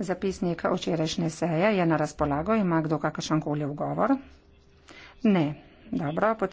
Zapisnik očerešnje seje je na razpolago. Ima kdo kakšen koli ugovor? Ne. Dobro.